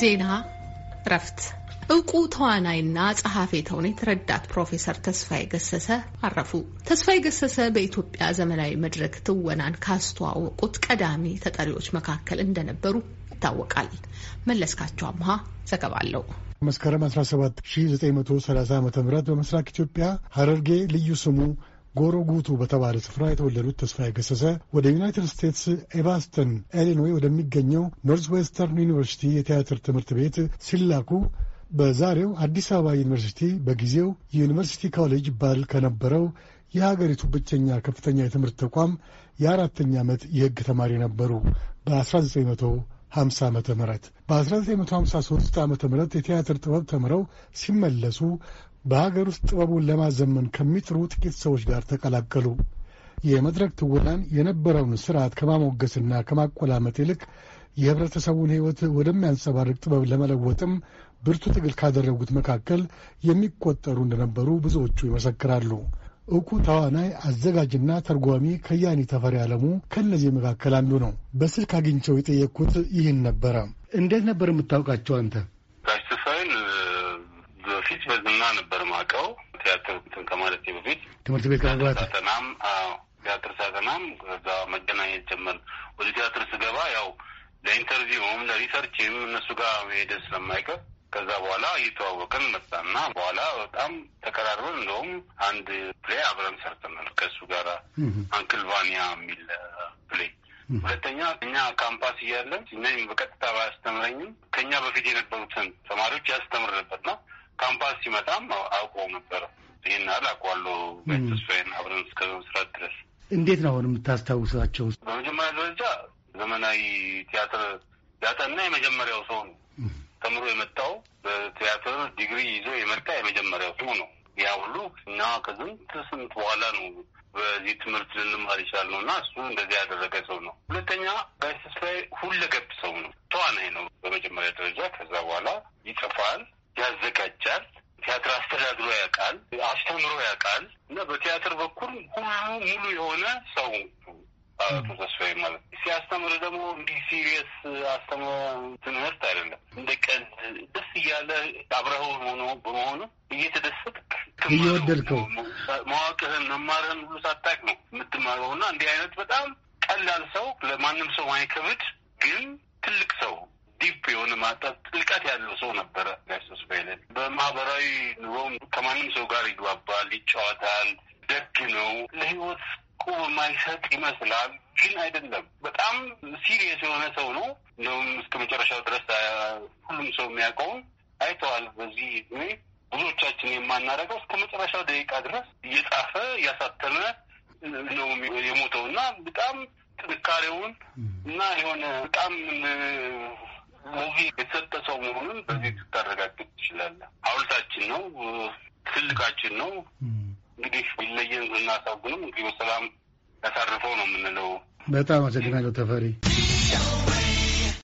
ዜና እረፍት እውቁ ተዋናይና ጸሐፊ ተውኔት ረዳት ፕሮፌሰር ተስፋዬ ገሰሰ አረፉ። ተስፋዬ ገሰሰ በኢትዮጵያ ዘመናዊ መድረክ ትወናን ካስተዋወቁት ቀዳሚ ተጠሪዎች መካከል እንደነበሩ ይታወቃል። መለስካቸው አምሃ ዘገባ አለው። መስከረም 17 1930 ዓ ም በምስራቅ ኢትዮጵያ ሀረርጌ ልዩ ስሙ ጎሮጉቱ በተባለ ስፍራ የተወለዱት ተስፋዬ ገሰሰ ወደ ዩናይትድ ስቴትስ ኤቫስተን ኢሊኖይ ወደሚገኘው ኖርዝ ዌስተርን ዩኒቨርሲቲ የቲያትር ትምህርት ቤት ሲላኩ በዛሬው አዲስ አበባ ዩኒቨርሲቲ በጊዜው የዩኒቨርሲቲ ኮሌጅ ይባል ከነበረው የሀገሪቱ ብቸኛ ከፍተኛ የትምህርት ተቋም የአራተኛ ዓመት የሕግ ተማሪ ነበሩ። በ1950 ዓ ም በ1953 ዓ ም የቲያትር ጥበብ ተምረው ሲመለሱ በሀገር ውስጥ ጥበቡን ለማዘመን ከሚጥሩ ጥቂት ሰዎች ጋር ተቀላቀሉ። የመድረክ ትወናን የነበረውን ስርዓት ከማሞገስና ከማቆላመጥ ይልቅ የህብረተሰቡን ህይወት ወደሚያንጸባርቅ ጥበብ ለመለወጥም ብርቱ ትግል ካደረጉት መካከል የሚቆጠሩ እንደነበሩ ብዙዎቹ ይመሰክራሉ። እውቁ ተዋናይ አዘጋጅና ተርጓሚ ከያኒ ተፈሪ ዓለሙ ከእነዚህ መካከል አንዱ ነው። በስልክ አግኝቸው የጠየቅኩት ይህን ነበረ። እንዴት ነበር የምታውቃቸው አንተ? ጋሽ ተስፋዬን በፊት በዝና ነበር ማቀው ቲያትር እንትን ከማለቴ በፊት ትምህርት ቤት ከመግባት ሳተናም ቲያትር ሳተናም ከዛ መገናኘት ጀመር። ወደ ቲያትር ስገባ ያው ለኢንተርቪውም ለሪሰርችም እነሱ ጋር መሄደ ስለማይቀር ከዛ በኋላ እየተዋወቅን መጣና በኋላ በጣም ተቀራርበን እንደውም አንድ ፕሌይ አብረን ሰርተናል ከእሱ ጋራ አንክል ቫኒያ የሚል ፕሌይ። ሁለተኛ እኛ ካምፓስ እያለን እኛ በቀጥታ ባያስተምረኝም ከእኛ በፊት የነበሩትን ተማሪዎች ያስተምር ነበር ነው ካምፓስ ሲመጣም አውቀው ነበረ። ይህን ያህል አውቀዋለሁ። ተስፋዬን አብረን እስከ መስራት ድረስ እንዴት ነው አሁን የምታስታውሳቸው? በመጀመሪያ ደረጃ ዘመናዊ ቲያትር ያጠና የመጀመሪያው ሰው ነው። ተምሮ የመጣው በቲያትር ዲግሪ ይዞ የመጣ የመጀመሪያው ሰው ነው። ያ ሁሉ እና ከስንት ስንት በኋላ ነው በዚህ ትምህርት ልንማር ይቻል ነው እና እሱ እንደዚህ ያደረገ ሰው ነው። ሁለተኛ ጋሽ ተስፋዬ ሁለገብ ሰው ነው፣ ተዋናይ ነው በመጀመሪያ ደረጃ። ከዛ በኋላ ይጽፋል፣ ያዘጋጃል። ቲያትር አስተዳድሮ ያውቃል፣ አስተምሮ ያውቃል እና በቲያትር በኩል ሁሉ ሙሉ የሆነ ሰው አቶ ተስፋዬ ማለት ሲያስተምር ደግሞ እንዲህ ሲሪየስ አስተምሮ ትምህርት አይደለም። እንደ ቀልድ ደስ እያለ አብረኸው ሆኖ በመሆኑ እየተደሰትክ እየወደድከው ማወቅህን መማርህን ሁሉ ሳታቅ ነው የምትማረው እና እንዲህ አይነት በጣም ቀላል ሰው ለማንም ሰው ማይከብድ ግን ትልቅ ሰው ዲፕ የሆነ ማጣት ጥልቀት ያለው ሰው ነበረ። ጋይሶስ ቫይለን በማህበራዊ ኑሮም ከማንም ሰው ጋር ይግባባል፣ ይጫወታል፣ ደግ ነው። ለህይወት ቁብ የማይሰጥ ይመስላል፣ ግን አይደለም። በጣም ሲሪየስ የሆነ ሰው ነው። እንደውም እስከ መጨረሻው ድረስ ሁሉም ሰው የሚያውቀውን አይተዋል። በዚህ እድሜ ብዙዎቻችን የማናደርገው እስከ መጨረሻው ደቂቃ ድረስ እየጻፈ እያሳተመ ነው የሞተው እና በጣም ጥንካሬውን እና የሆነ በጣም ሙቪ የተሰጠ ሰው መሆኑን በዚህ ልታረጋግጥ ትችላለህ። ሐውልታችን ነው፣ ትልቃችን ነው። እንግዲህ ቢለየን እናሳጉንም እንግዲህ በሰላም ያሳርፈው ነው የምንለው። በጣም አመሰግናለሁ ተፈሪ።